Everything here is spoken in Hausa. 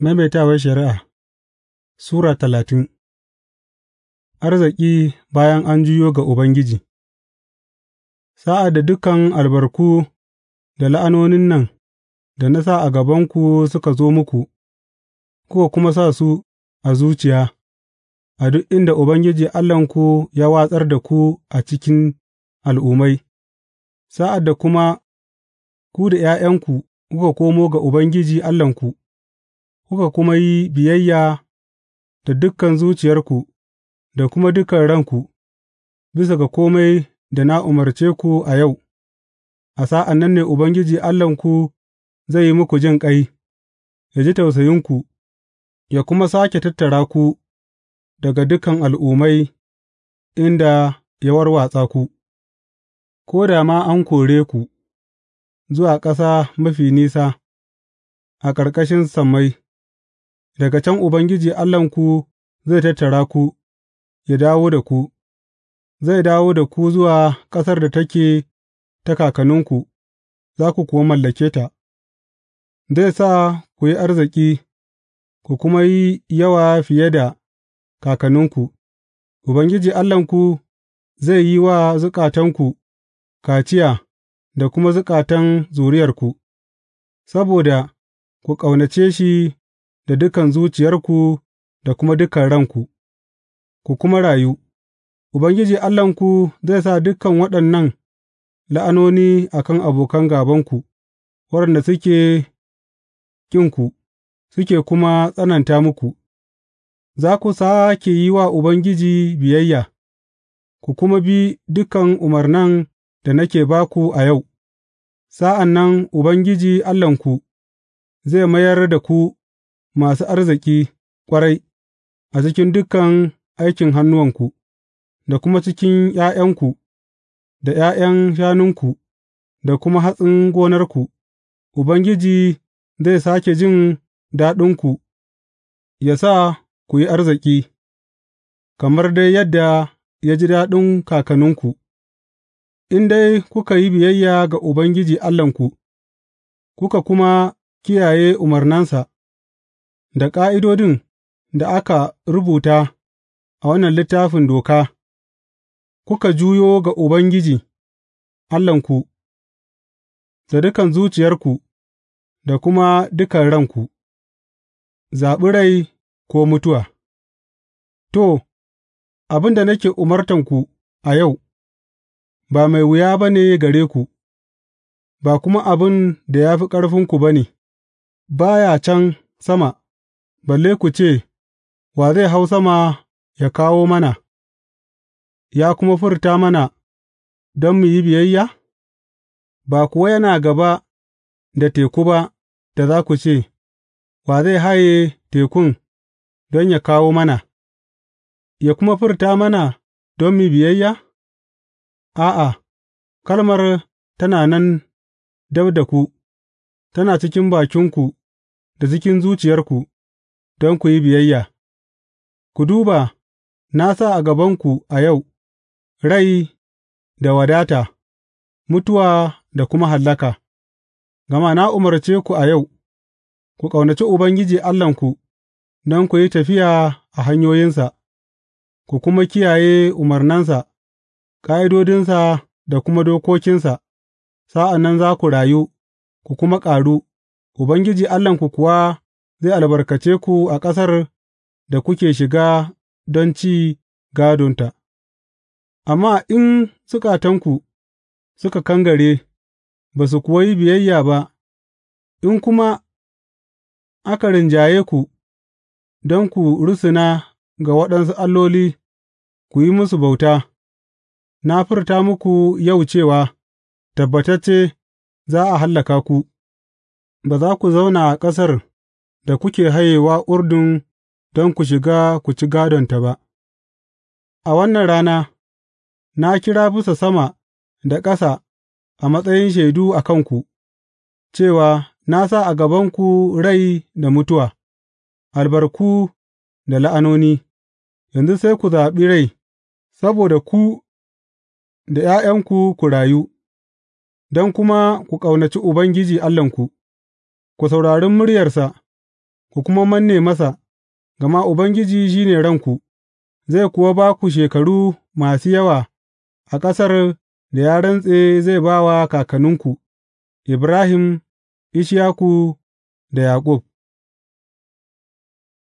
Maimaitawar Shari'a Sura talatin Arziki bayan an juyo ga Ubangiji Sa'ad da dukan albarku da la'anonin nan da na sa a gabanku suka zo muku, kuka kuma sa su a zuciya, a duk inda Ubangiji Allahnku ya watsar da ku a cikin al'ummai, sa'ad da kuma ku da ’ya'yanku kuka komo ga Ubangiji Allahnku. kuka kuma yi biyayya da dukan zuciyarku da kuma dukan ranku, bisa ga kome da na umarce ku a yau, a sa'an nan ne Ubangiji Allahnku zai yi muku jin ƙai, ya ji tausayinku, ya kuma sake tattara ku daga dukan al'ummai inda ya warwatsa ku, ko da ma an kore ku zuwa ƙasa mafi nisa a ƙarƙashin sammai. Daga can Ubangiji Allahnku zai tattara ku, ya dawo da ku, zai dawo da ku zuwa ƙasar da take ta kakanninku, za ku kuwa mallake ta, zai sa ku yi arziki, ku kuma yi yawa fiye da kakanninku, Ubangiji Allahnku zai yi wa zukatanku kaciya da kuma zukatan zuriyarku, saboda ku ƙaunace shi. da dukan zuciyarku da kuma dukan ranku, ku kuma rayu, Ubangiji Allahnku zai sa dukan waɗannan la'anoni a kan abokan gābanku, waɗanda suke ƙinku, suke kuma tsananta muku, za ku sa ke yi wa Ubangiji biyayya, ku kuma bi dukan umarnan da nake ba ku a yau, sa'an nan Ubangiji Allahnku zai mayar da ku masu arziki ƙwarai a cikin dukan aikin hannuwanku, da kuma cikin ’ya'yanku, da ’ya'yan shanunku, da kuma hatsin gonarku, Ubangiji zai sāke jin daɗinku Ya sa ku yi arziki, kamar dai yadda ya ji daɗin kakanninku, in dai kuka yi biyayya ga Ubangiji Allahnku, kuka kuma kiyaye umarnansa. da ƙa'idodin da aka rubuta a wannan Littafin Doka, kuka juyo ga Ubangiji Allahnku da dukan zuciyarku da kuma dukan ranku, zaɓi rai ko mutuwa. To, abin da nake umartanku a yau, ba mai wuya ba ne gare ku, ba kuma abin da ya fi ƙarfinku ba ne, ba ya can sama. balle ku ce, Wa zai hau sama ya kawo mana, ya kuma furta mana don mu yi biyayya? Ba kuwa yana gaba da teku ba da za ku ce, Wa zai haye tekun don ya kawo mana, ya kuma furta mana don mu biyayya? A'a, kalmar tana nan dab da ku, tana cikin bakinku da cikin zuciyarku. don ku yi biyayya, ku duba, na sa a gabanku a yau, rai da wadata, mutuwa da kuma hallaka, gama na umarce ku a yau, ku ƙaunaci Ubangiji Allahnku, don ku yi tafiya a hanyoyinsa, ku kuma kiyaye umarnansa, ƙa'idodinsa da kuma dokokinsa, sa'an nan za ku rayu, ku kuma ƙaru, Ubangiji Allahnku kuwa. zai albarkace ku a ƙasar da kuke shiga don ci gādonta, amma in zukatanku suka kangare, ba su kuwa yi biyayya ba, in kuma aka rinjaye ku don ku rusuna ga waɗansu alloli ku yi musu bauta, na furta muku yau cewa, tabbatacce za a hallaka ku, ba za ku zauna a ƙasar. da kuke hayewa Urdun don ku shiga ku ci gādonta ba, a wannan rana na kira bisa sama da ƙasa a matsayin shaidu a kanku, cewa na sa a gabanku rai da mutuwa, albarku da la'anoni, yanzu sai ku zaɓi rai, saboda ku da ’ya'yanku ku rayu, don kuma ku ƙaunaci Ubangiji Allahnku, ku saurari muryarsa. ku kuma manne masa, gama Ubangiji shi ne ranku, zai kuwa ba ku shekaru masu yawa a ƙasar da ya rantse zai ba wa kakanninku, Ibrahim, Ishaku da Yaƙub.